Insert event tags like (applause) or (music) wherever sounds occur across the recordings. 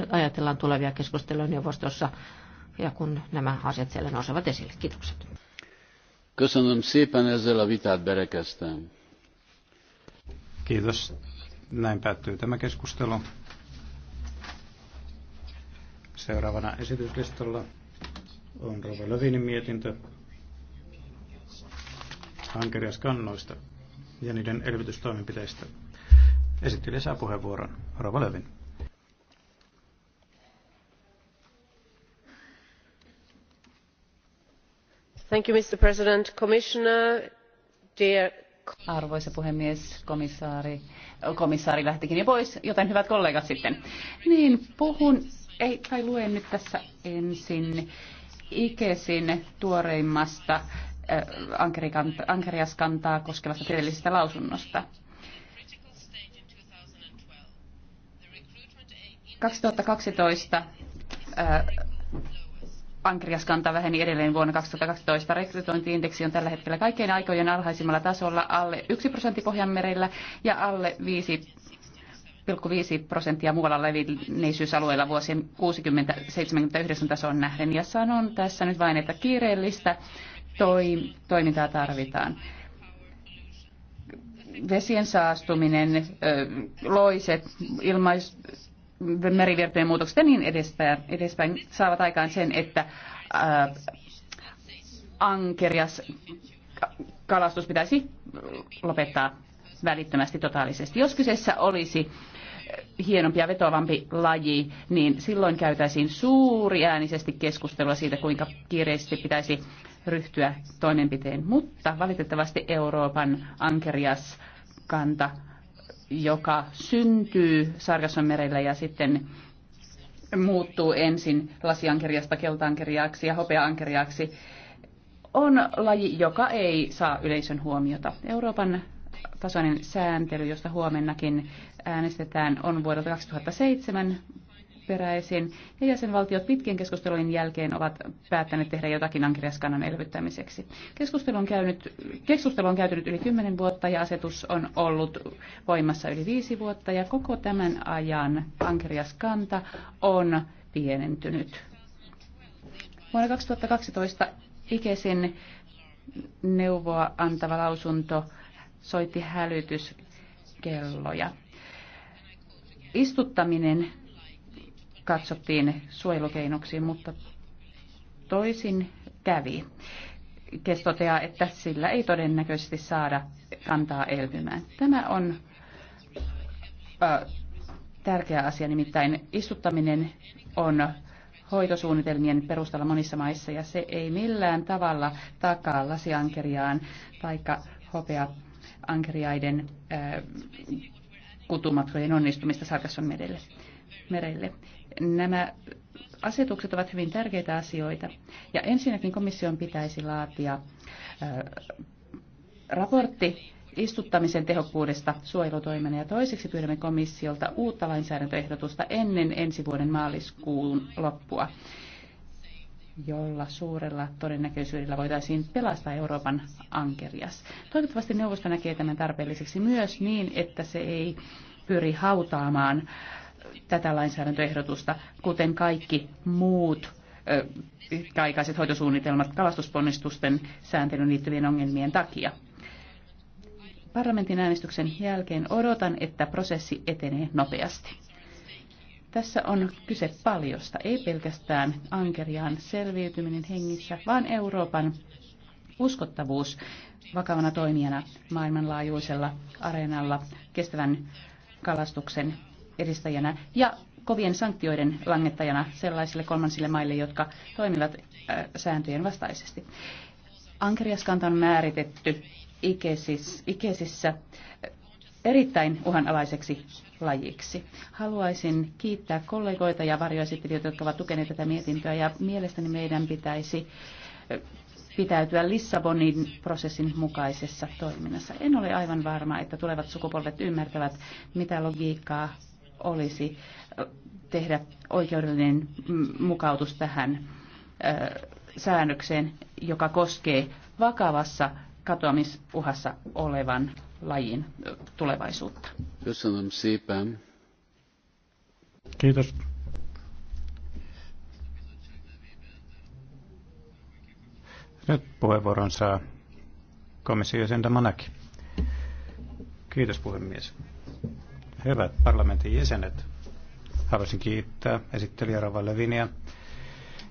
kun ajatellaan tulevia keskusteluja neuvostossa ja kun nämä asiat siellä nousevat esille. Kiitokset. Köszönöm szépen, ezzel a vitát berekeztem. Kiitos. Näin päättyy tämä keskustelu. Seuraavana esityslistalla on Rova Lövinin mietintö hankeriaskannoista ja niiden elvytystoimenpiteistä. Esittelijä saa puheenvuoron. Rova Lövin. mr Arvoisa puhemies, komissaari, komissaari lähtikin jo pois, joten hyvät kollegat sitten. Niin, puhun, ei, kai luen nyt tässä ensin Ikesin tuoreimmasta äh, ankeriaskantaa koskevasta kirjallisesta lausunnosta. 2012 äh, ankeriaskanta väheni edelleen vuonna 2012. Rekrytointiindeksi on tällä hetkellä kaikkien aikojen alhaisimmalla tasolla alle 1 prosentti Pohjanmerellä ja alle 5 0,5 prosenttia muualla levinneisyysalueella vuosien 60-79 tasoon nähden. Ja sanon tässä nyt vain, että kiireellistä toi, toimintaa tarvitaan. Vesien saastuminen, loiset, ilmais, merivirtojen muutokset ja niin edespäin, edespäin saavat aikaan sen, että ää, ankerias kalastus pitäisi lopettaa välittömästi totaalisesti. Jos kyseessä olisi hienompi ja vetoavampi laji, niin silloin käytäisiin suuri äänisesti keskustelua siitä, kuinka kiireesti pitäisi ryhtyä toimenpiteen. Mutta valitettavasti Euroopan ankerias kanta joka syntyy Sargasson merellä ja sitten muuttuu ensin lasiankeriasta keltaankeriaaksi ja hopeaankeriaksi on laji, joka ei saa yleisön huomiota. Euroopan tasoinen sääntely, josta huomennakin äänestetään, on vuodelta 2007 peräisin, ja jäsenvaltiot pitkien keskustelujen jälkeen ovat päättäneet tehdä jotakin ankirjaskannan elvyttämiseksi. Keskustelu on, käynyt, keskustelu on käytynyt yli 10 vuotta, ja asetus on ollut voimassa yli 5 vuotta, ja koko tämän ajan ankirjaskanta on pienentynyt. Vuonna 2012 Ikesin neuvoa antava lausunto soitti hälytyskelloja. Istuttaminen katsottiin suojelukeinoksi, mutta toisin kävi. Kes toteaa, että sillä ei todennäköisesti saada kantaa elpymään. Tämä on äh, tärkeä asia, nimittäin istuttaminen on hoitosuunnitelmien perustalla monissa maissa ja se ei millään tavalla takaa lasiankeriaan tai hopeaankeriaiden äh, kutumatkojen onnistumista Sarkasson merelle. Nämä asetukset ovat hyvin tärkeitä asioita. Ja ensinnäkin komission pitäisi laatia raportti istuttamisen tehokkuudesta suojelutoimena ja toiseksi pyydämme komissiolta uutta lainsäädäntöehdotusta ennen ensi vuoden maaliskuun loppua, jolla suurella todennäköisyydellä voitaisiin pelastaa Euroopan ankerias. Toivottavasti neuvosto näkee tämän tarpeelliseksi myös niin, että se ei pyri hautaamaan äh, tätä lainsäädäntöehdotusta, kuten kaikki muut pitkäaikaiset hoitosuunnitelmat kalastusponnistusten sääntelyyn liittyvien ongelmien takia. Parlamentin äänestyksen jälkeen odotan, että prosessi etenee nopeasti. Tässä on kyse paljosta, ei pelkästään ankeriaan selviytyminen hengissä, vaan Euroopan uskottavuus vakavana toimijana maailmanlaajuisella areenalla kestävän kalastuksen edistäjänä ja kovien sanktioiden langettajana sellaisille kolmansille maille, jotka toimivat äh, sääntöjen vastaisesti. Ankeriaskanta on määritetty Ikesissä, Ikesissä äh, erittäin uhanalaiseksi lajiksi. Haluaisin kiittää kollegoita ja varjoesittelijöitä, jotka ovat tukeneet tätä mietintöä, ja mielestäni meidän pitäisi äh, pitäytyä Lissabonin prosessin mukaisessa toiminnassa. En ole aivan varma, että tulevat sukupolvet ymmärtävät, mitä logiikkaa olisi tehdä oikeudellinen mukautus tähän säännökseen, joka koskee vakavassa katoamisuhassa olevan lajin tulevaisuutta. Kiitos. Nyt puheenvuoron saa komission jäsen Kiitos puhemies. Hyvät parlamentin jäsenet, haluaisin kiittää esittelijä Rava Levinia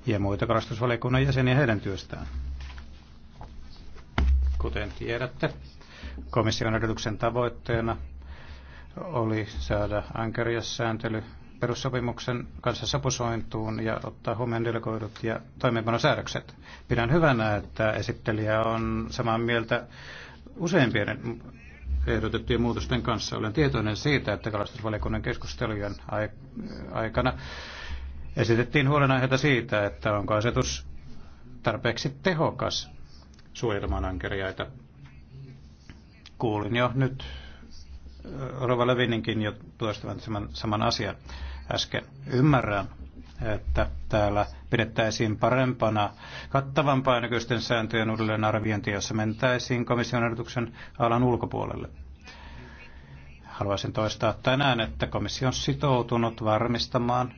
ja muita kalastusvaliokunnan jäseniä heidän työstään. Kuten tiedätte, komission ehdotuksen tavoitteena oli saada ankeriassääntely perussopimuksen kanssa sopusointuun ja ottaa huomioon delegoidut ja toimeenpanosäädökset. Pidän hyvänä, että esittelijä on samaa mieltä useimpien ehdotettujen muutosten kanssa. Olen tietoinen siitä, että kalastusvaliokunnan keskustelujen aikana esitettiin huolenaiheita siitä, että onko asetus tarpeeksi tehokas suojelemaan ankeriaita. Kuulin jo nyt äh, Rova Levininkin jo tuostavan saman, saman asian äsken. Ymmärrän että täällä pidettäisiin parempana kattavampaa näköisten sääntöjen uudelleenarviointia, jossa mentäisiin komission ehdotuksen alan ulkopuolelle. Haluaisin toistaa tänään, että komissio on sitoutunut varmistamaan,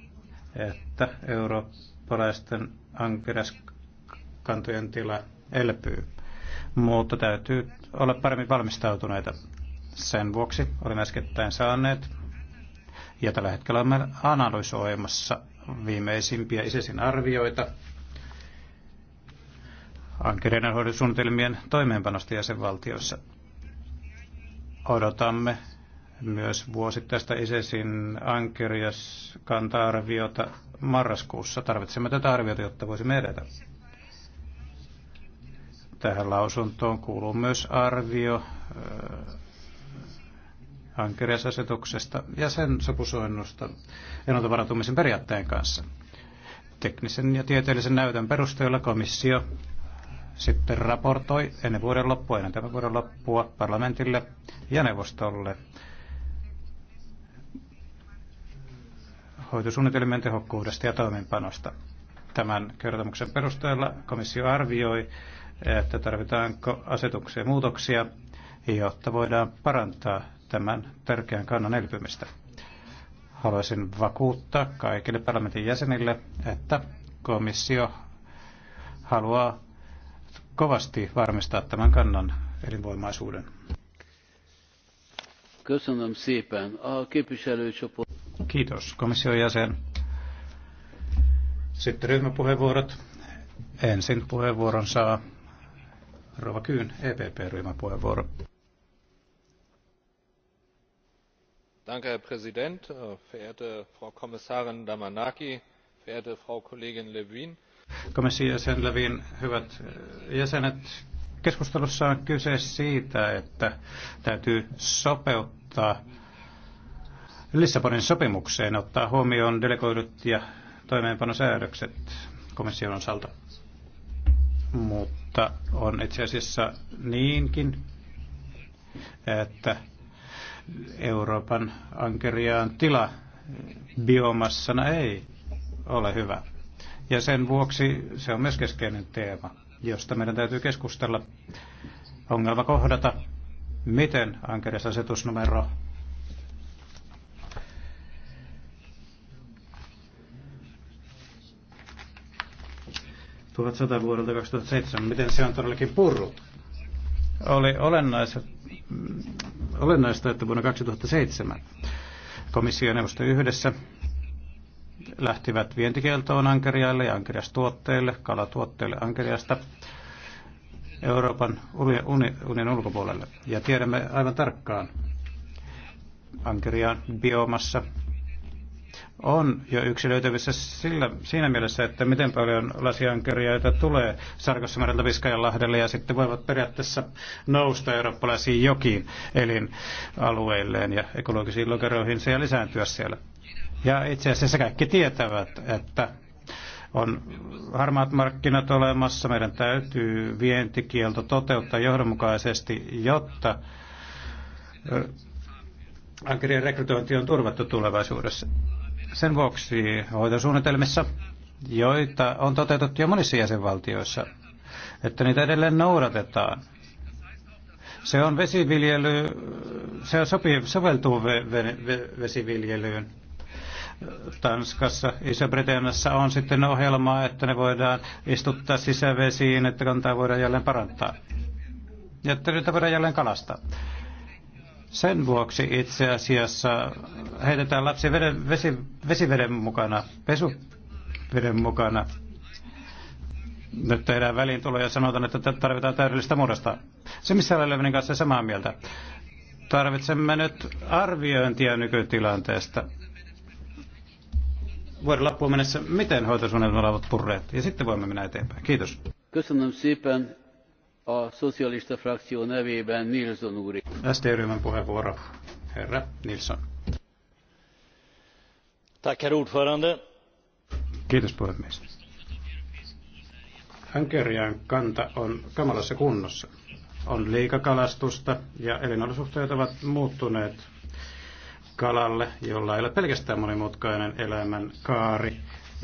että eurooppalaisten ankeraskantojen tila elpyy, mutta täytyy olla paremmin valmistautuneita. Sen vuoksi olemme äskettäin saaneet ja tällä hetkellä olemme analysoimassa viimeisimpiä ISISin arvioita ankereiden hoidosuunnitelmien toimeenpanosta jäsenvaltioissa. Odotamme myös vuosittaista ISISin ankerias kanta-arviota marraskuussa. Tarvitsemme tätä arviota, jotta voisimme edetä. Tähän lausuntoon kuuluu myös arvio ankeriasasetuksesta ja sen sopusoinnusta ennaltavaratumisen periaatteen kanssa. Teknisen ja tieteellisen näytön perusteella komissio sitten raportoi ennen vuoden loppua, ennen tämän vuoden loppua parlamentille ja neuvostolle hoitosuunnitelmien tehokkuudesta ja toimeenpanosta. Tämän kertomuksen perusteella komissio arvioi, että tarvitaanko asetukseen muutoksia, jotta voidaan parantaa tämän tärkeän kannan elpymistä. Haluaisin vakuuttaa kaikille parlamentin jäsenille, että komissio haluaa kovasti varmistaa tämän kannan elinvoimaisuuden. Kiitos komission jäsen. Sitten ryhmäpuheenvuorot. Ensin puheenvuoron saa Rova Kyyn, EPP-ryhmäpuheenvuoro. herr präsident äh, verehrte frau kommissarin damanaki verehrte frau kollegin lvin! komission jäsen lvin hyvät äh, jäsenet keskustelussa on kyse siitä että täytyy sopeuttaa lissabonin sopimukseen ottaa huomioon delegoidut ja toimeenpanosäädökset komission osalta mutta on itse asiassa niinkin että Euroopan ankeriaan tila biomassana ei ole hyvä. Ja sen vuoksi se on myös keskeinen teema, josta meidän täytyy keskustella. Ongelma kohdata, miten ankeriasasetus numero 1100 vuodelta 2007, miten se on todellakin purrut oli olennaista, että vuonna 2007 komissio ja neuvosto yhdessä lähtivät vientikieltoon ankeriaille ja ankeriastuotteille, kalatuotteille ankeriasta Euroopan unionin ulkopuolelle. Ja tiedämme aivan tarkkaan ankeriaan biomassa on jo yksilöitävissä sillä, siinä mielessä, että miten paljon lasiankerjaita tulee Sarkossamereltä Viskajanlahdelle ja sitten voivat periaatteessa nousta eurooppalaisiin jokiin elinalueilleen ja ekologisiin lokeroihin ja lisääntyä siellä. Ja itse asiassa kaikki tietävät, että on harmaat markkinat olemassa, meidän täytyy vientikielto toteuttaa johdonmukaisesti, jotta ankerien rekrytointi on turvattu tulevaisuudessa. Sen vuoksi hoitosuunnitelmissa, joita on toteutettu jo monissa jäsenvaltioissa, että niitä edelleen noudatetaan. Se on vesiviljely, se on sopii, soveltuu ve, ve, ve, vesiviljelyyn. Tanskassa, Iso-Britanniassa on sitten ohjelmaa, että ne voidaan istuttaa sisävesiin, että kantaa voidaan jälleen parantaa. Ja että niitä voidaan jälleen kalastaa. Sen vuoksi itse asiassa heitetään lapsi veden, vesi, vesiveden mukana, pesuveden mukana. Nyt tehdään väliintulo ja sanotaan, että tarvitaan täydellistä muodosta. Se, missä olen Levinin kanssa samaa mieltä. Tarvitsemme nyt arviointia nykytilanteesta. Vuoden loppuun mennessä, miten hoitosuunnitelmat ovat purreet. Ja sitten voimme mennä eteenpäin. Kiitos. Köszönöm a szocialista frakció nevében Nilsson úr. ST-ryhmän puheenvuoro, herra Nilsson. Tack, herr ordförande. Kiitos puhemies. Ankerian kanta on kamalassa kunnossa. On liikakalastusta ja elinolosuhteet ovat muuttuneet kalalle, jolla ei ole pelkästään monimutkainen elämän kaari,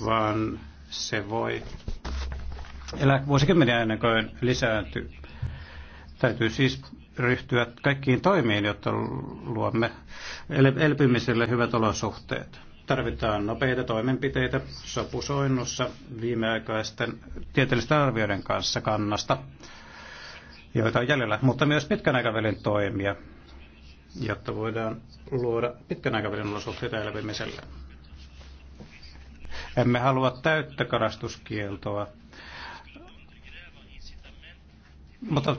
vaan se voi elää vuosikymmeniä ennen kuin lisääntyy. Täytyy siis ryhtyä kaikkiin toimiin, jotta luomme elpymiselle hyvät olosuhteet. Tarvitaan nopeita toimenpiteitä sopusoinnussa viimeaikaisten tieteellisten arvioiden kanssa kannasta, joita on jäljellä, mutta myös pitkän aikavälin toimia, jotta voidaan luoda pitkän aikavälin olosuhteita elpymiselle. Emme halua täyttä karastuskieltoa, mutta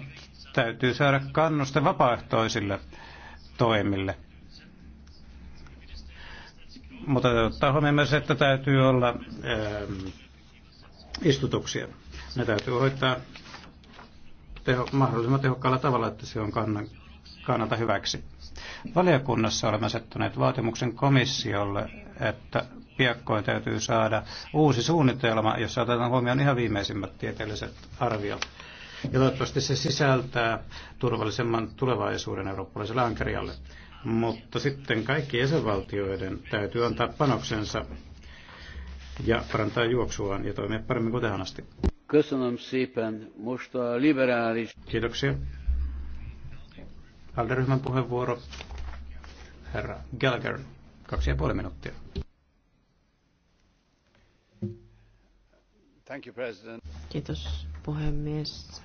täytyy saada kannuste vapaaehtoisille toimille. Mutta ottaa huomioon myös, että täytyy olla ää, ähm, istutuksia. Ne täytyy hoitaa teho, mahdollisimman tehokkaalla tavalla, että se on kannan, kannalta hyväksi. Valiokunnassa olemme asettaneet vaatimuksen komissiolle, että piakkoin täytyy saada uusi suunnitelma, jossa otetaan huomioon ihan viimeisimmät tieteelliset arviot ja toivottavasti se sisältää turvallisemman tulevaisuuden eurooppalaiselle ankerialle. Mutta sitten kaikki jäsenvaltioiden täytyy antaa panoksensa ja parantaa juoksuaan ja toimia paremmin kuin tähän asti. Kiitoksia. Alderyhmän puheenvuoro. Herra Gallagher, kaksi ja puoli minuuttia. Thank you, President. Kiitos puhemies.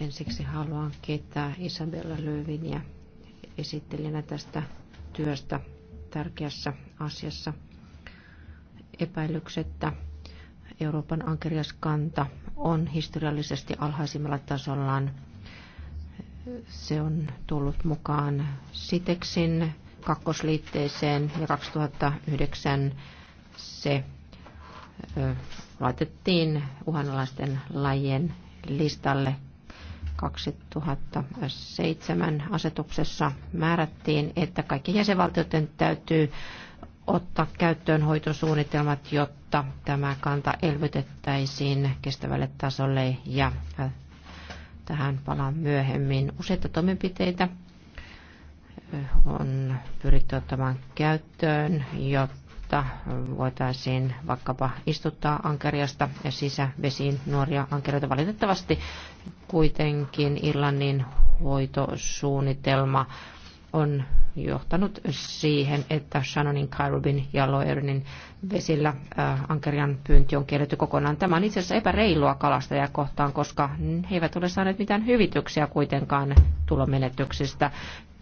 Ensiksi haluan kiittää Isabella Löyvin ja esittelijänä tästä työstä tärkeässä asiassa epäilyksettä. Euroopan ankeriaskanta on historiallisesti alhaisimmalla tasollaan. Se on tullut mukaan Siteksin kakkosliitteeseen ja 2009 se laitettiin uhanalaisten lajien listalle 2007 asetuksessa määrättiin, että kaikki jäsenvaltioiden täytyy ottaa käyttöön hoitosuunnitelmat, jotta tämä kanta elvytettäisiin kestävälle tasolle ja tähän palaan myöhemmin. Useita toimenpiteitä on pyritty ottamaan käyttöön, jotta jotta voitaisiin vaikkapa istuttaa ankeriasta ja sisävesiin nuoria ankeroita Valitettavasti kuitenkin Irlannin hoitosuunnitelma on johtanut siihen, että Shannonin, Kairubin ja Loerinin vesillä äh, ankerian pyynti on kielletty kokonaan. Tämä on itse asiassa epäreilua kalastajia kohtaan, koska he eivät ole saaneet mitään hyvityksiä kuitenkaan tulomenetyksistä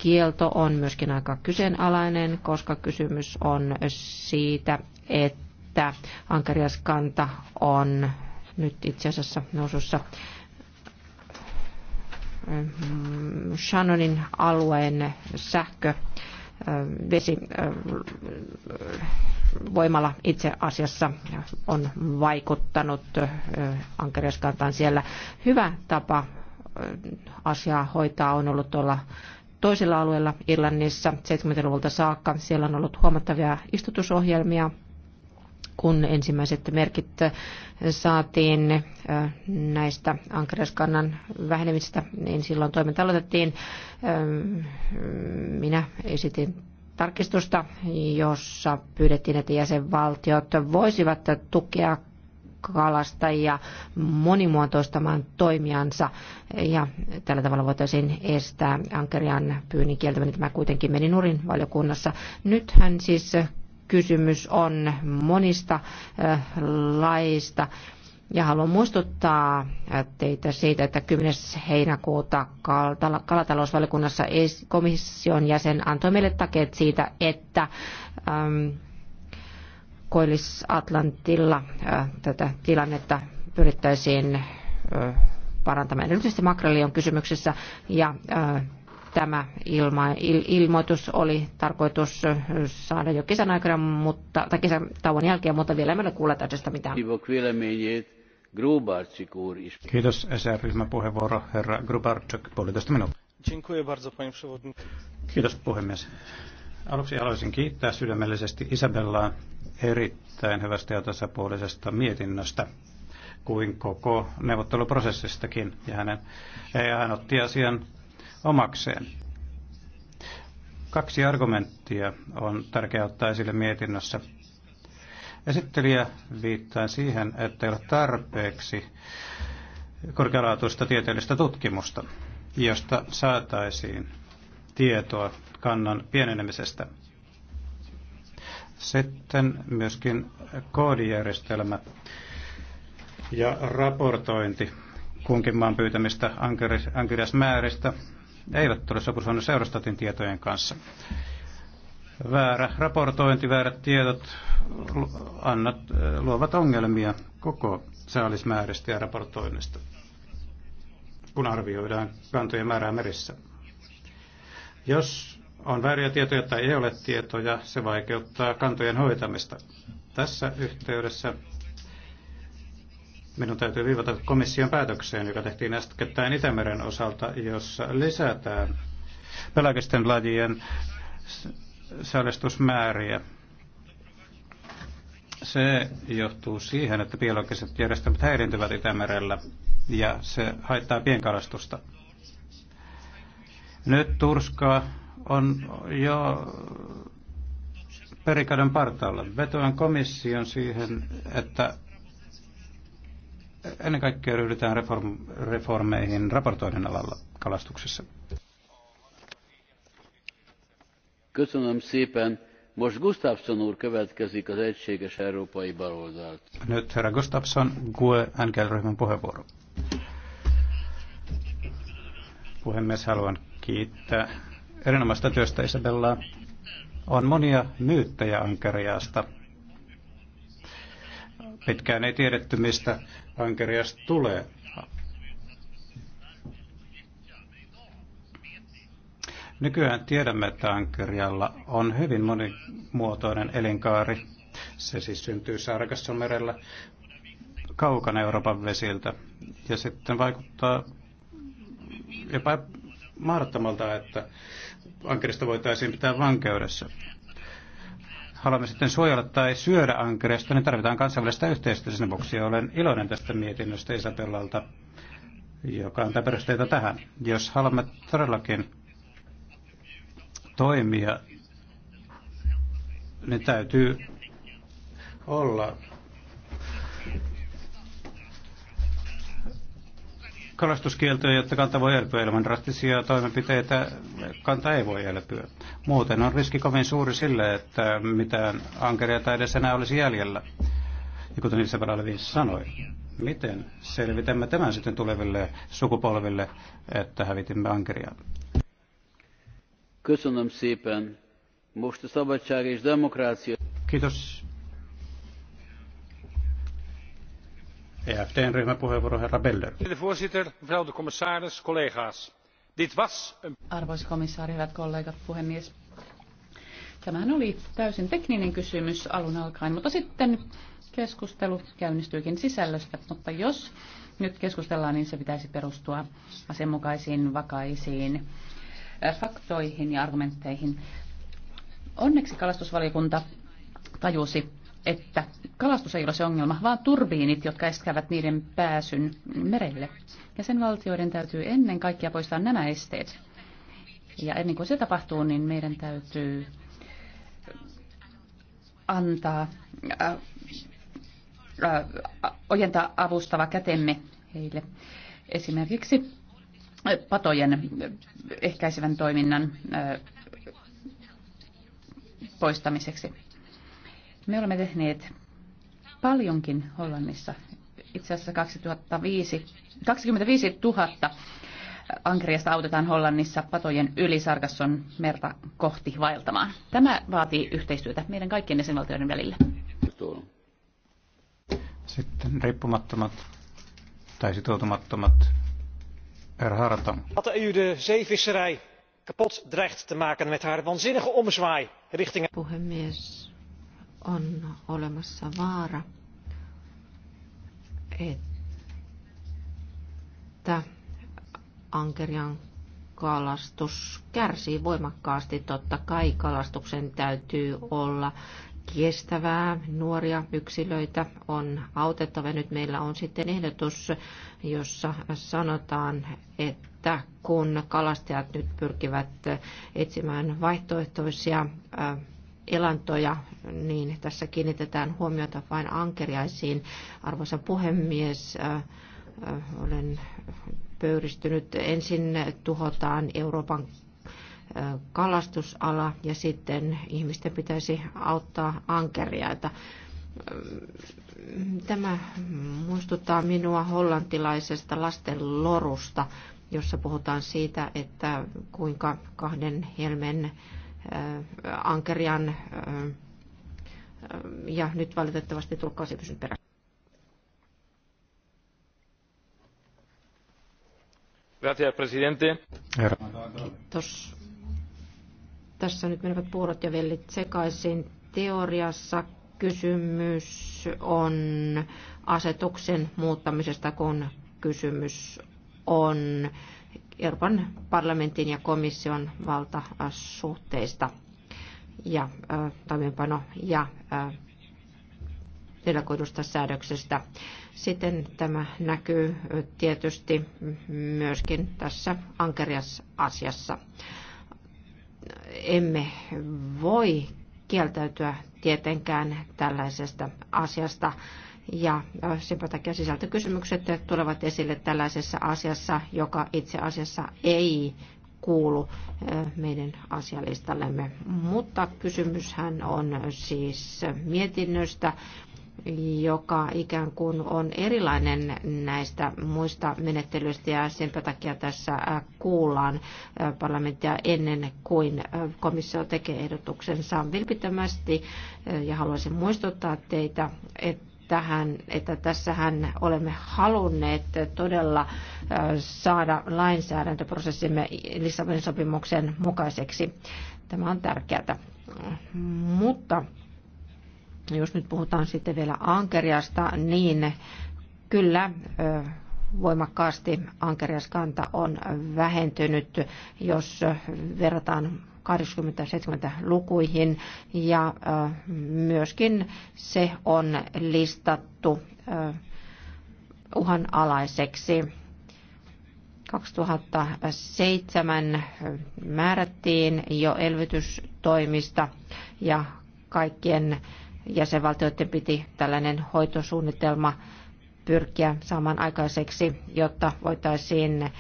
kielto on myöskin aika kyseenalainen, koska kysymys on siitä, että ankariaskanta on nyt itse asiassa nousussa mm, Shannonin alueen sähkö vesi voimalla itse asiassa on vaikuttanut Ankariaskantaan siellä. Hyvä tapa asiaa hoitaa on ollut tuolla Toisella alueella, Irlannissa 70-luvulta saakka. Siellä on ollut huomattavia istutusohjelmia, kun ensimmäiset merkit äh, saatiin äh, näistä ankeriaskannan vähenemistä, niin silloin toiminta aloitettiin. Ähm, minä esitin tarkistusta, jossa pyydettiin, että jäsenvaltiot voisivat tukea kalastajia monimuotoistamaan toimiansa ja tällä tavalla voitaisiin estää ankerian pyynnin kieltäminen. Tämä kuitenkin meni nurin valiokunnassa. Nythän siis äh, kysymys on monista äh, laista. Ja haluan muistuttaa äh, teitä siitä, että 10. heinäkuuta kalatalousvaliokunnassa komission jäsen antoi meille takeet siitä, että Koillis Atlantilla tätä tilannetta pyrittäisiin parantamaan. Erityisesti makreli on kysymyksessä ja tämä ilma, il, ilmoitus oli tarkoitus saada jo kesän aikana, mutta, tai kesän tauon jälkeen, mutta vielä emme ole kuulleet tästä mitään. Kiitos, SR-ryhmän puheenvuoro, herra Grubarczyk, puolitoista minuuttia. Kiitos puhemies. Aluksi haluaisin kiittää sydämellisesti Isabellaa erittäin hyvästä ja tasapuolisesta mietinnöstä kuin koko neuvotteluprosessistakin. Ja, hänen, ja hän otti asian omakseen. Kaksi argumenttia on tärkeää ottaa esille mietinnössä. Esittelijä viittaa siihen, että ei ole tarpeeksi korkealaatuista tieteellistä tutkimusta, josta saataisiin tietoa kannan pienenemisestä – sitten myöskin koodijärjestelmä ja raportointi kunkin maan pyytämistä ankirjasmääristä eivät tule sopusuunnassa seurastatin tietojen kanssa. Väärä raportointi, väärät tiedot annat, eh, luovat ongelmia koko saalismääristä ja raportoinnista, kun arvioidaan kantojen määrää merissä. Jos on vääriä tietoja tai ei ole tietoja, se vaikeuttaa kantojen hoitamista. Tässä yhteydessä minun täytyy viivata komission päätökseen, joka tehtiin äskettäin Itämeren osalta, jossa lisätään pelagisten lajien saalistusmääriä. Se johtuu siihen, että biologiset järjestelmät häirintyvät Itämerellä ja se haittaa pienkalastusta. Nyt turskaa on jo perikadon partaalla. Vetoan komission siihen, että ennen kaikkea ryhdytään reform, reformeihin raportoinnin alalla kalastuksessa. Köszönöm szépen. Most Gustafsson úr következik az Egységes Európai Baloldalt. Nyt herra Gustafsson, GUE NGL-ryhmän puheenvuoro. Puhemies, haluan kiittää erinomaista työstä Isabella. On monia myyttejä Ankeriasta. Pitkään ei tiedetty, mistä Ankerias tulee. Nykyään tiedämme, että Ankerialla on hyvin monimuotoinen elinkaari. Se siis syntyy merellä kaukana Euroopan vesiltä. Ja sitten vaikuttaa jopa mahdottomalta, että ankerista voitaisiin pitää vankeudessa. Haluamme sitten suojella tai syödä ankerista, niin tarvitaan kansainvälistä yhteistyötä. Sen vuoksi olen iloinen tästä mietinnöstä Isabellalta, joka antaa perusteita tähän. Jos haluamme todellakin toimia, niin täytyy olla kalastuskieltoja, jotta kanta voi elpyä. Ilman drastisia toimenpiteitä kanta ei voi elpyä. Muuten on riski kovin suuri sille, että mitään ankeria tai edes enää olisi jäljellä. Ja kuten Isabella Levin sanoi, miten selvitämme tämän sitten tuleville sukupolville, että hävitimme ankeria? Köszönöm szépen. Kiitos. EFDn ryhmäpuheenvuoro herra Beller. Voorzitter, mevrouw de commissaris, collega's. Dit was... Arvoisa komissaari, hyvät kollegat, puhemies. Tämähän oli täysin tekninen kysymys alun alkaen, mutta sitten keskustelu käynnistyykin sisällöstä. Mutta jos nyt keskustellaan, niin se pitäisi perustua asianmukaisiin, vakaisiin eh, faktoihin ja argumentteihin. Onneksi kalastusvaliokunta tajusi että kalastus ei ole se ongelma, vaan turbiinit, jotka estävät niiden pääsyn merelle. Ja sen valtioiden täytyy ennen kaikkea poistaa nämä esteet. Ja ennen kuin se tapahtuu, niin meidän täytyy antaa, äh, äh, ojentaa avustava kätemme heille. Esimerkiksi patojen ehkäisevän toiminnan äh, poistamiseksi. Me olemme tehneet paljonkin Hollannissa, itse asiassa 2005, 25 000 ankeriasta autetaan Hollannissa patojen yli Sargasson merta kohti vaeltamaan. Tämä vaatii yhteistyötä meidän kaikkien jäsenvaltioiden välillä. Sitten riippumattomat tai sitoutumattomat Herr Harton. Dat de EU de zeevisserij kapot dreigt te maken met haar waanzinnige omzwaai richting... Puhemies, on olemassa vaara, että ankerian kalastus kärsii voimakkaasti. Totta kai kalastuksen täytyy olla kestävää. Nuoria yksilöitä on autettava. Nyt meillä on sitten ehdotus, jossa sanotaan, että kun kalastajat nyt pyrkivät etsimään vaihtoehtoisia äh, elantoja, niin tässä kiinnitetään huomiota vain ankeriaisiin. Arvoisa puhemies, äh, äh, olen pöyristynyt. Ensin tuhotaan Euroopan äh, kalastusala ja sitten ihmisten pitäisi auttaa ankeriaita. Tämä muistuttaa minua hollantilaisesta lasten lorusta, jossa puhutaan siitä, että kuinka kahden helmen Äh, Ankerian äh, äh, ja nyt valitettavasti tulkkaus ei pysy perässä. Gracias, presidente. Kiitos. Tässä nyt menevät puurot ja vellit sekaisin. Teoriassa kysymys on asetuksen muuttamisesta, kun kysymys on Euroopan parlamentin ja komission valtasuhteista ja toimeenpano ja delegoidusta säädöksestä. Sitten tämä näkyy tietysti myöskin tässä ankerias asiassa. Emme voi kieltäytyä tietenkään tällaisesta asiasta ja senpä takia sisältökysymykset tulevat esille tällaisessa asiassa, joka itse asiassa ei kuulu meidän asialistallemme. Mutta kysymyshän on siis mietinnöstä, joka ikään kuin on erilainen näistä muista menettelyistä ja sen takia tässä kuullaan parlamenttia ennen kuin komissio tekee ehdotuksensa vilpittömästi. Ja haluaisin muistuttaa teitä, että tähän, että tässähän olemme halunneet todella äh, saada lainsäädäntöprosessimme Lissabonin sopimuksen mukaiseksi. Tämä on tärkeää. Mutta jos nyt puhutaan sitten vielä ankeriasta, niin kyllä voimakkaasti ankeriaskanta on vähentynyt, jos verrataan 80-70-lukuihin ja myöskin se on listattu uhanalaiseksi. 2007 määrättiin jo elvytystoimista ja kaikkien jäsenvaltioiden piti tällainen hoitosuunnitelma pyrkiä saamaan aikaiseksi, jotta voitaisiin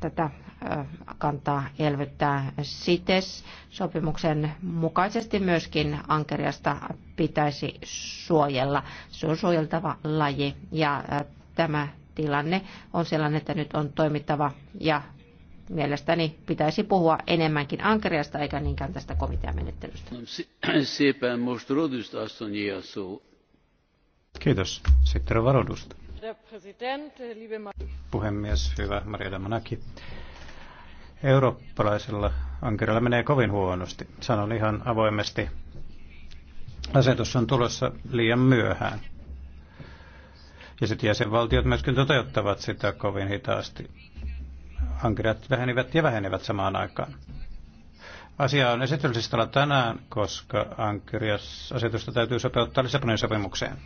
tätä Äh, kantaa elvyttää sites. Sopimuksen mukaisesti myöskin ankeriasta pitäisi suojella. Se on suojeltava laji ja äh, tämä tilanne on sellainen, että nyt on toimittava ja mielestäni pitäisi puhua enemmänkin ankeriasta eikä niinkään tästä komiteamenettelystä. (clears throat) Kiitos. Sitten on varoitusta. Puhemies, hyvä Maria Damanaki eurooppalaisella ankerilla menee kovin huonosti. Sanon ihan avoimesti, asetus on tulossa liian myöhään. Ja sitten jäsenvaltiot myöskin toteuttavat sitä kovin hitaasti. Ankerat vähenivät ja vähenevät samaan aikaan. Asia on esityslistalla tänään, koska Ankerias-asetusta täytyy sopeuttaa Lissabonin sopimukseen.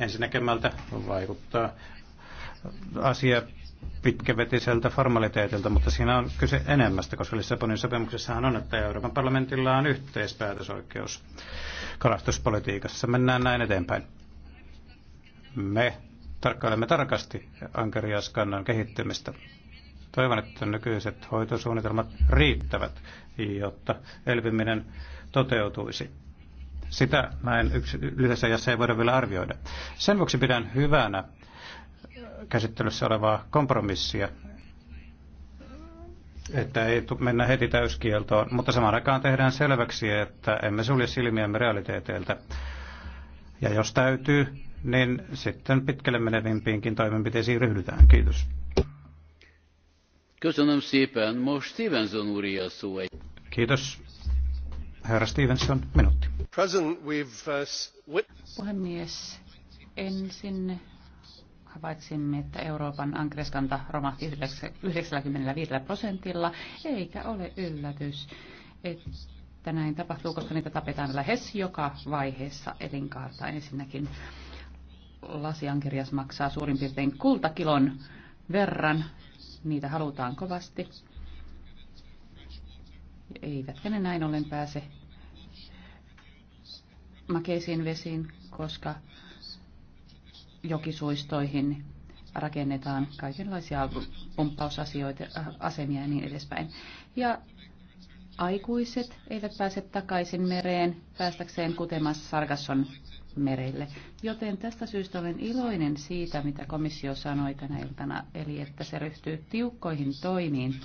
Ensinnäkemmältä vaikuttaa asia pitkävetiseltä formaliteetilta, mutta siinä on kyse enemmästä, koska Lissabonin sopimuksessahan on, että Euroopan parlamentilla on yhteispäätösoikeus kalastuspolitiikassa. Mennään näin eteenpäin. Me tarkkailemme tarkasti ankeriaskannan kehittymistä. Toivon, että nykyiset hoitosuunnitelmat riittävät, jotta elpyminen toteutuisi. Sitä näin yksi, lyhyessä ajassa ei voida vielä arvioida. Sen vuoksi pidän hyvänä käsittelyssä olevaa kompromissia, että ei mennä heti täyskieltoon, mutta samaan aikaan tehdään selväksi, että emme sulje silmiämme realiteeteiltä. Ja jos täytyy, niin sitten pitkälle menevimpiinkin toimenpiteisiin ryhdytään. Kiitos. Kiitos. Herra Stevenson, minuutti. Uh, Puhemies, ensin havaitsimme, että Euroopan ankreskanta romahti 95 prosentilla, eikä ole yllätys, että näin tapahtuu, koska niitä tapetaan lähes joka vaiheessa elinkaarta. Ensinnäkin lasiankirjas maksaa suurin piirtein kultakilon verran. Niitä halutaan kovasti. Eivätkä ne näin ollen pääse makeisiin vesiin, koska jokisuistoihin rakennetaan kaikenlaisia asemia ja niin edespäin. Ja aikuiset eivät pääse takaisin mereen päästäkseen kutemassa Sargasson merelle. Joten tästä syystä olen iloinen siitä, mitä komissio sanoi tänä iltana, eli että se ryhtyy tiukkoihin toimiin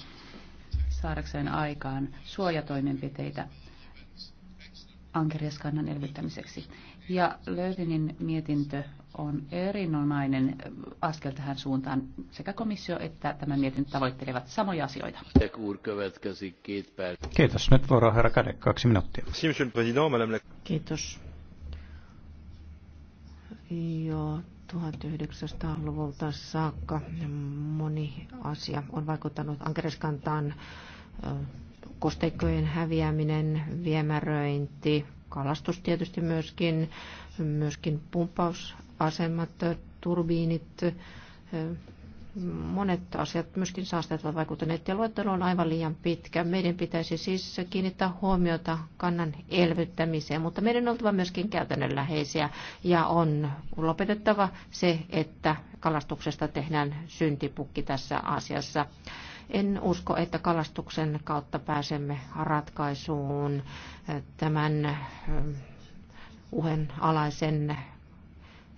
saadakseen aikaan suojatoimenpiteitä ankeriaskannan elvyttämiseksi. Ja Löysinin mietintö on erinomainen askel tähän suuntaan. Sekä komissio että tämä mietintö tavoittelevat samoja asioita. Kiitos. Nyt vuoro herra Kade, kaksi minuuttia. Kiitos. Jo 1900-luvulta saakka moni asia on vaikuttanut Ankereskantaan kosteikkojen häviäminen, viemäröinti, kalastus tietysti myöskin, myöskin pumppausasemat, turbiinit, monet asiat myöskin saasteet ovat vaikuttaneet ja luettelo on aivan liian pitkä. Meidän pitäisi siis kiinnittää huomiota kannan elvyttämiseen, mutta meidän on oltava myöskin käytännönläheisiä ja on lopetettava se, että kalastuksesta tehdään syntipukki tässä asiassa. En usko, että kalastuksen kautta pääsemme ratkaisuun tämän eh, uhenalaisen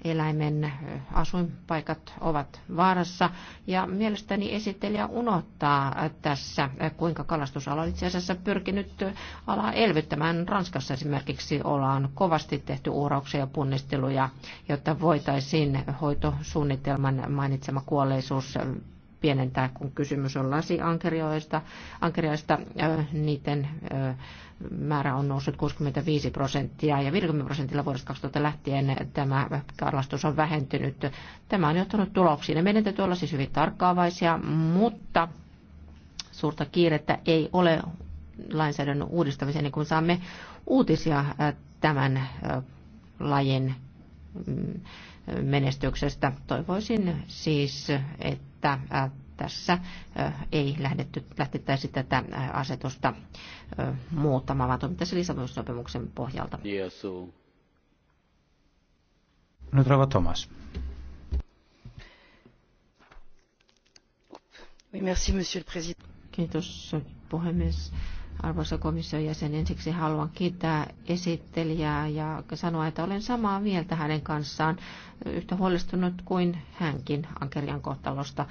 eläimen eh, asuinpaikat ovat vaarassa. Ja mielestäni esittelijä unohtaa tässä, eh, kuinka kalastusala on itse asiassa pyrkinyt ala elvyttämään. Ranskassa esimerkiksi ollaan kovasti tehty uhrauksia ja punnisteluja, jotta voitaisiin hoitosuunnitelman mainitsema kuolleisuus pienentää, kun kysymys on lasiankerioista. ankerioista, niiden määrä on noussut 65 prosenttia ja 50 prosentilla vuodesta 2000 lähtien tämä karlastus on vähentynyt. Tämä on johtanut tuloksiin ja meidän täytyy olla siis hyvin tarkkaavaisia, mutta suurta kiirettä ei ole lainsäädännön uudistamiseen, niin kun saamme uutisia tämän lajin mm, menestyksestä. Toivoisin siis, että tässä ei lähdetty, lähtettäisi tätä asetusta muuttamaan, vaan toimittaisi lisävuussopimuksen pohjalta. Nyt Rava Thomas. Kiitos puhemies Arvoisa komission jäsen, ensiksi haluan kiittää esittelijää ja sanoa, että olen samaa mieltä hänen kanssaan, yhtä huolestunut kuin hänkin Ankerian kohtalosta.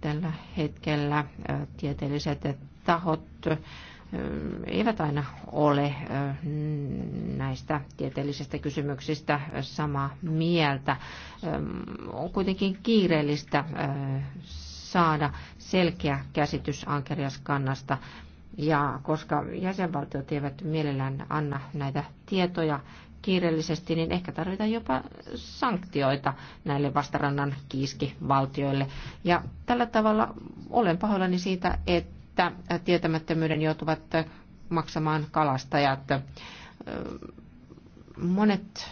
Tällä hetkellä tieteelliset tahot eivät aina ole näistä tieteellisistä kysymyksistä samaa mieltä. On kuitenkin kiireellistä saada selkeä käsitys ankeriaskannasta. kannasta ja koska jäsenvaltiot eivät mielellään anna näitä tietoja kiireellisesti, niin ehkä tarvitaan jopa sanktioita näille vastarannan kiiskivaltioille. Ja tällä tavalla olen pahoillani siitä, että tietämättömyyden joutuvat maksamaan kalastajat. Monet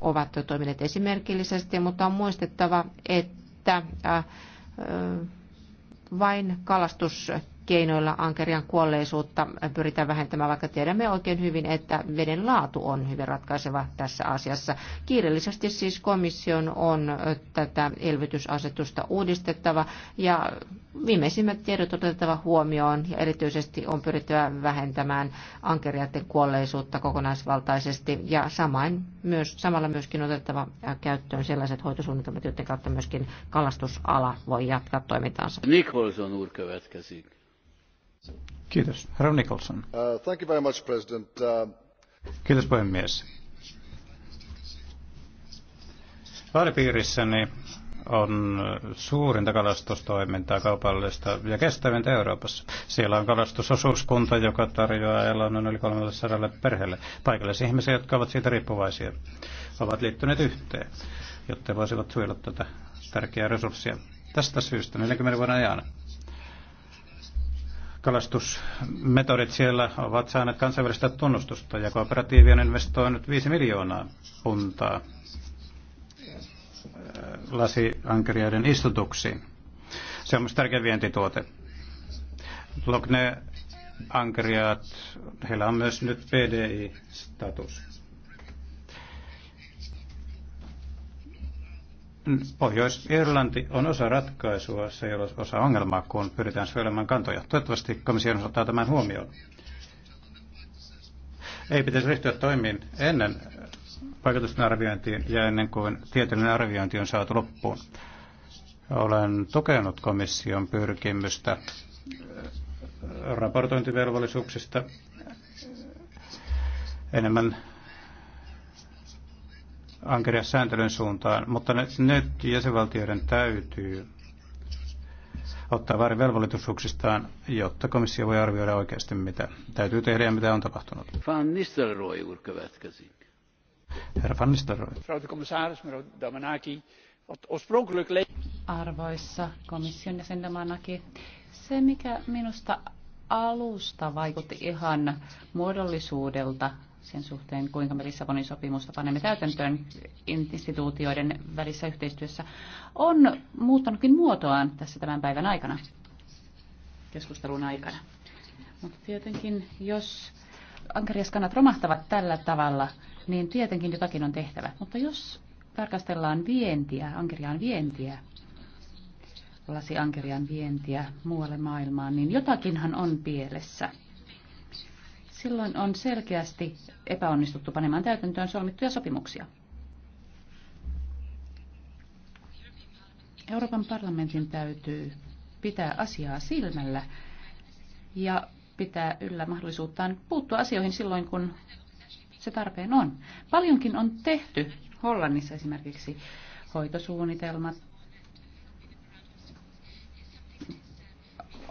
ovat toimineet esimerkillisesti, mutta on muistettava, että äh, vain kalastus keinoilla ankerian kuolleisuutta pyritään vähentämään, vaikka tiedämme oikein hyvin, että veden laatu on hyvin ratkaiseva tässä asiassa. Kiireellisesti siis komission on tätä elvytysasetusta uudistettava ja viimeisimmät tiedot otettava huomioon ja erityisesti on pyrittävä vähentämään ankeriaiden kuolleisuutta kokonaisvaltaisesti ja samain myös, samalla myöskin otettava käyttöön sellaiset hoitosuunnitelmat, joiden kautta myöskin kalastusala voi jatkaa toimintaansa. Nicholson urkövetkäsi. Kiitos. Herra Nicholson. Uh, thank you very much, President. Uh... Kiitos puhemies. Vaalipiirissäni on suurinta kalastustoimintaa kaupallista ja kestävintä Euroopassa. Siellä on kalastusosuuskunta, joka tarjoaa elannon yli 300 perheelle. Paikallisia ihmisiä, jotka ovat siitä riippuvaisia, ovat liittyneet yhteen, jotta voisivat suojella tätä tärkeää resurssia. Tästä syystä 40 vuoden ajan kalastusmetodit siellä ovat saaneet kansainvälistä tunnustusta ja kooperatiivi on investoinut 5 miljoonaa puntaa äh, lasiankeriaiden istutuksiin. Se on myös tärkeä vientituote. Lokne ankeriaat, heillä on myös nyt PDI-status. Pohjois-Irlanti on osa ratkaisua, se ei ole osa ongelmaa, kun pyritään suojelemaan kantoja. Toivottavasti komissio ottaa tämän huomioon. Ei pitäisi ryhtyä toimiin ennen vaikutusten arviointiin ja ennen kuin tieteellinen arviointi on saatu loppuun. Olen tukenut komission pyrkimystä äh, raportointivelvollisuuksista enemmän ankeria sääntelyn suuntaan, mutta nyt, nyt jäsenvaltioiden täytyy ottaa väärin velvollisuuksistaan, jotta komissio voi arvioida oikeasti, mitä täytyy tehdä ja mitä on tapahtunut. Van Nistelrooy, Herra Van Nistelrooy. Arvoissa komission jäsen Damanaki, se mikä minusta alusta vaikutti ihan muodollisuudelta sen suhteen, kuinka me Lissabonin sopimusta panemme täytäntöön instituutioiden välissä yhteistyössä, on muuttanutkin muotoaan tässä tämän päivän aikana, keskustelun aikana. Mutta tietenkin, jos ankariaskannat romahtavat tällä tavalla, niin tietenkin jotakin on tehtävä. Mutta jos tarkastellaan vientiä, ankeriaan vientiä, lasiankerian vientiä muualle maailmaan, niin jotakinhan on pielessä – silloin on selkeästi epäonnistuttu panemaan täytäntöön solmittuja sopimuksia. Euroopan parlamentin täytyy pitää asiaa silmällä ja pitää yllä mahdollisuuttaan puuttua asioihin silloin, kun se tarpeen on. Paljonkin on tehty Hollannissa esimerkiksi hoitosuunnitelmat,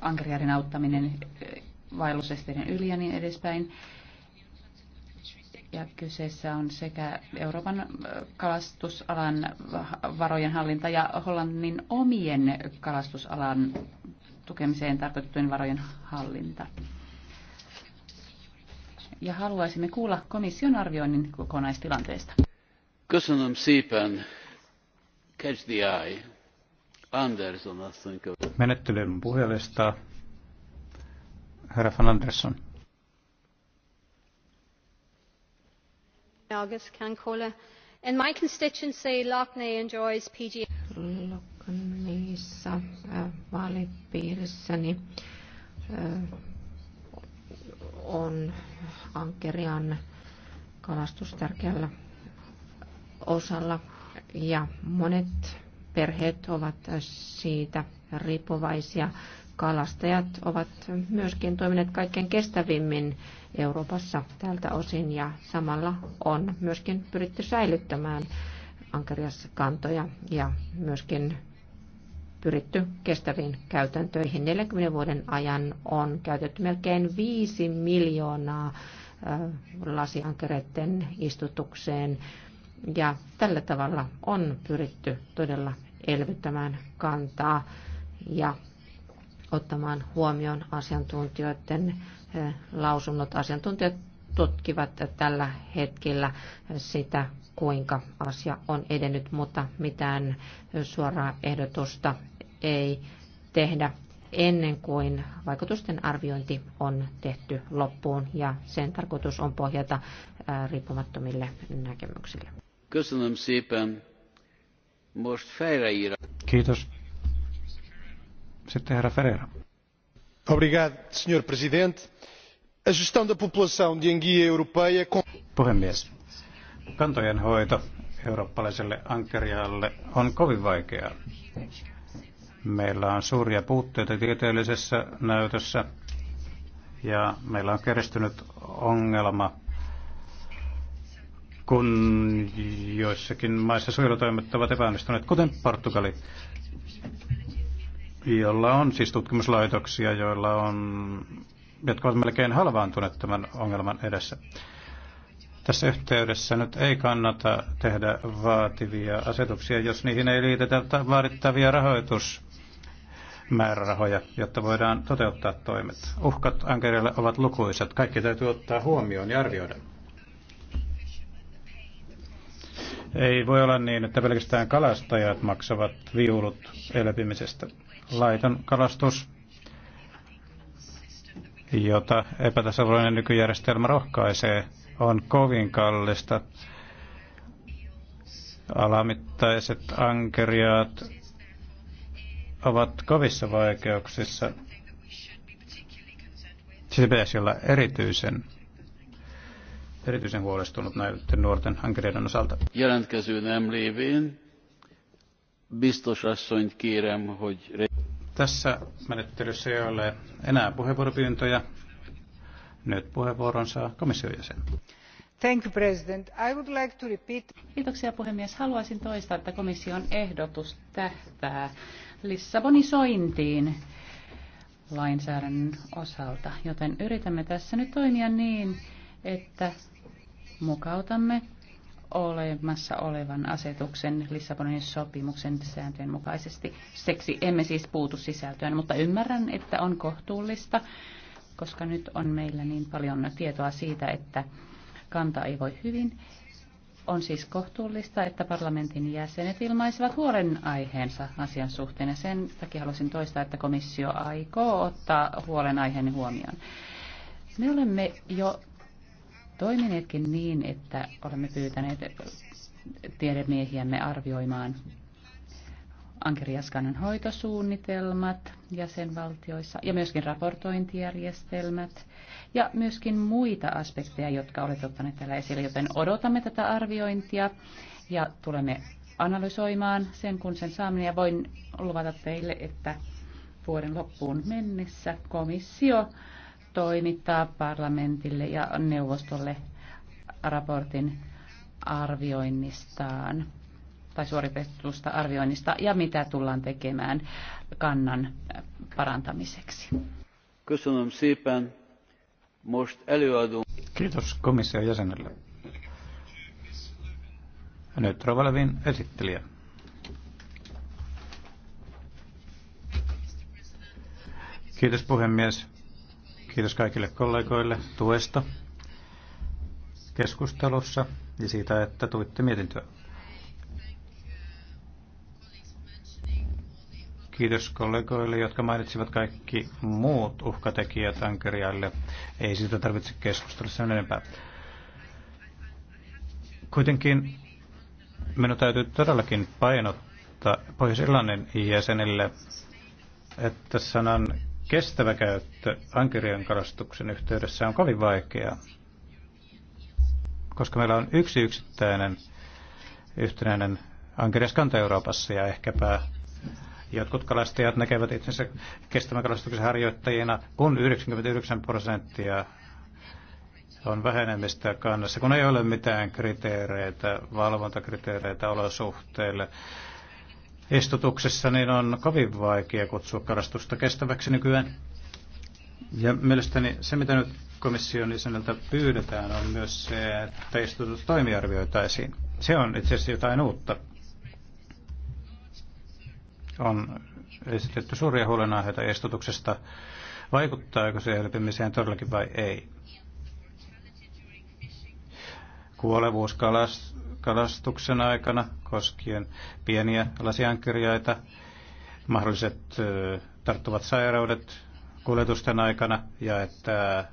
ankeriaiden auttaminen vaellusesteiden yli ja niin edespäin. Ja kyseessä on sekä Euroopan kalastusalan varojen hallinta ja Hollannin omien kalastusalan tukemiseen tarkoitettujen varojen hallinta. Ja haluaisimme kuulla komission arvioinnin kokonaistilanteesta. Köszönöm szépen. Catch the eye. Anderson Menettelyn puhelista herra van Andersson. August Kankola. In my constituency, Lockney enjoys PG. Lockneyissa äh, vaalipiirissäni äh, on ankerian kalastus tärkeällä osalla ja monet perheet ovat siitä riippuvaisia kalastajat ovat myöskin toimineet kaikkein kestävimmin Euroopassa tältä osin ja samalla on myöskin pyritty säilyttämään ankeriaskantoja ja myöskin pyritty kestäviin käytäntöihin. 40 vuoden ajan on käytetty melkein 5 miljoonaa lasiankereiden istutukseen ja tällä tavalla on pyritty todella elvyttämään kantaa ja ottamaan huomioon asiantuntijoiden lausunnot. Asiantuntijat tutkivat tällä hetkellä sitä, kuinka asia on edennyt, mutta mitään suoraa ehdotusta ei tehdä ennen kuin vaikutusten arviointi on tehty loppuun ja sen tarkoitus on pohjata riippumattomille näkemyksille. Kiitos. Sitten Ferreira. Obrigado, presidente. A gestão da população de europeia... Puhemies, kantojen hoito eurooppalaiselle ankerialle on kovin vaikeaa. Meillä on suuria puutteita tieteellisessä näytössä ja meillä on kerestynyt ongelma, kun joissakin maissa suojelutoimet ovat epäonnistuneet, kuten Portugali jolla on siis tutkimuslaitoksia, joilla on, jotka ovat melkein halvaantuneet tämän ongelman edessä. Tässä yhteydessä nyt ei kannata tehdä vaativia asetuksia, jos niihin ei liitetä vaadittavia rahoitusmäärärahoja, jotta voidaan toteuttaa toimet. Uhkat ankerille ovat lukuisat. Kaikki täytyy ottaa huomioon ja arvioida. Ei voi olla niin, että pelkästään kalastajat maksavat viulut elpymisestä laiton kalastus, jota epätasavallinen nykyjärjestelmä rohkaisee, on kovin kallista. Alamittaiset ankeriaat ovat kovissa vaikeuksissa. Siitä pitäisi olla erityisen, erityisen huolestunut näiden nuorten ankeriaiden osalta. Jelentkező nem lévén, biztos asszonyt kérem, hogy tässä menettelyssä ei ole enää puheenvuoropyyntöjä. Nyt puheenvuoron saa komission jäsen. Thank you, President. I would like to repeat... Kiitoksia puhemies. Haluaisin toistaa, että komission ehdotus tähtää Lissabonisointiin lainsäädännön osalta, joten yritämme tässä nyt toimia niin, että mukautamme olemassa olevan asetuksen Lissabonin sopimuksen sääntöjen mukaisesti. Seksi emme siis puutu sisältöön, mutta ymmärrän, että on kohtuullista, koska nyt on meillä niin paljon tietoa siitä, että kanta ei voi hyvin. On siis kohtuullista, että parlamentin jäsenet ilmaisivat huolenaiheensa asian suhteen, ja sen takia haluaisin toistaa, että komissio aikoo ottaa huolenaiheen huomioon. Me olemme jo toimineetkin niin, että olemme pyytäneet tiedemiehiämme arvioimaan ankeriaskanan hoitosuunnitelmat jäsenvaltioissa ja myöskin raportointijärjestelmät ja myöskin muita aspekteja, jotka olet ottaneet täällä esille, joten odotamme tätä arviointia ja tulemme analysoimaan sen, kun sen saamme ja voin luvata teille, että vuoden loppuun mennessä komissio toimittaa parlamentille ja neuvostolle raportin arvioinnistaan tai suoritetusta arvioinnista ja mitä tullaan tekemään kannan parantamiseksi. Kiitos komission jäsenelle. nyt Rovalevin esittelijä. Kiitos puhemies. Kiitos kaikille kollegoille tuesta keskustelussa ja siitä, että tuitte mietintöä. Kiitos kollegoille, jotka mainitsivat kaikki muut uhkatekijät ankerialle. Ei siitä tarvitse keskustella sen enempää. Kuitenkin minun täytyy todellakin painottaa Pohjois-Irlannin jäsenille, että sanan kestävä käyttö ankerian kalastuksen yhteydessä on kovin vaikeaa, koska meillä on yksi yksittäinen yhtenäinen ankerias kanta Euroopassa ja ehkäpä jotkut kalastajat näkevät itsensä kestävän kalastuksen harjoittajina, kun 99 prosenttia on vähenemistä kannassa, kun ei ole mitään kriteereitä, valvontakriteereitä olosuhteille, istutuksessa, niin on kovin vaikea kutsua kalastusta kestäväksi nykyään. Ja mielestäni se, mitä nyt komission jäseneltä pyydetään, on myös se, että istutus toimiarvioitaisiin. Se on itse asiassa jotain uutta. On esitetty suuria huolenaiheita istutuksesta. Vaikuttaako se elpymiseen todellakin vai ei? kuolevuus kalastuksen aikana koskien pieniä lasiankirjaita, mahdolliset tarttuvat sairaudet kuljetusten aikana ja että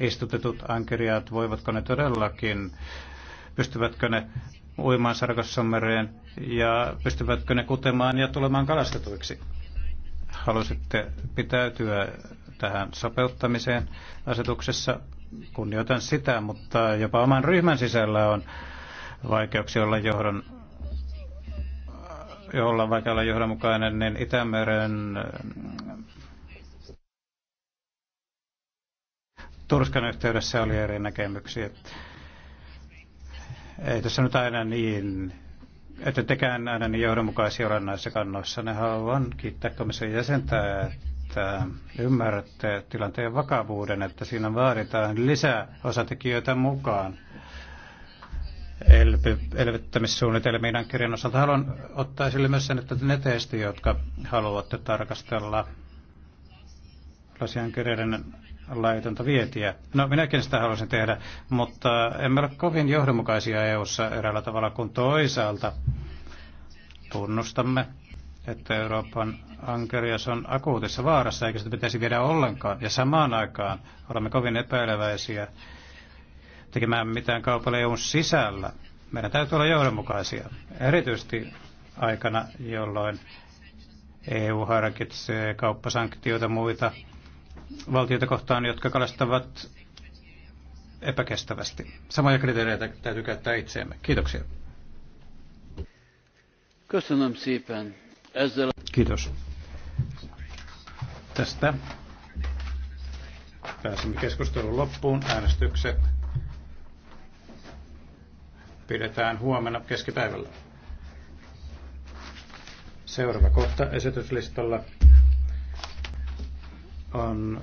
istutetut ankeriaat, voivatko ne todellakin, pystyvätkö ne uimaan Sargassomereen ja pystyvätkö ne kutemaan ja tulemaan kalastetuiksi. Halusitte pitäytyä tähän sopeuttamiseen asetuksessa kunnioitan sitä, mutta jopa oman ryhmän sisällä on vaikeuksia olla johdon olla vaikka olla johdonmukainen, niin Itämeren Turskan yhteydessä oli eri näkemyksiä. Ei tässä nyt aina niin, että tekään aina niin johdonmukaisia ole näissä kannoissa. Ne haluan kiittää komission jäsentä, että ymmärrätte tilanteen vakavuuden, että siinä vaaditaan lisää osatekijöitä mukaan elpy, elvyttämissuunnitelmien kirjan osalta. Haluan ottaa esille myös sen, että ne teistä, jotka haluatte tarkastella lasian kirjan laitonta vietiä. No minäkin sitä haluaisin tehdä, mutta emme ole kovin johdonmukaisia EU-ssa eräällä tavalla kuin toisaalta tunnustamme että Euroopan ankerias on akuutissa vaarassa, eikä sitä pitäisi viedä ollenkaan. Ja samaan aikaan olemme kovin epäileväisiä tekemään mitään kaupalle EUn sisällä. Meidän täytyy olla johdonmukaisia, erityisesti aikana, jolloin EU harkitsee kauppasanktioita muita valtioita kohtaan, jotka kalastavat epäkestävästi. Samoja kriteereitä täytyy käyttää itseemme. Kiitoksia. Köszönöm szépen. Kiitos. Tästä pääsemme keskustelun loppuun. Äänestykset pidetään huomenna keskipäivällä. Seuraava kohta esityslistalla on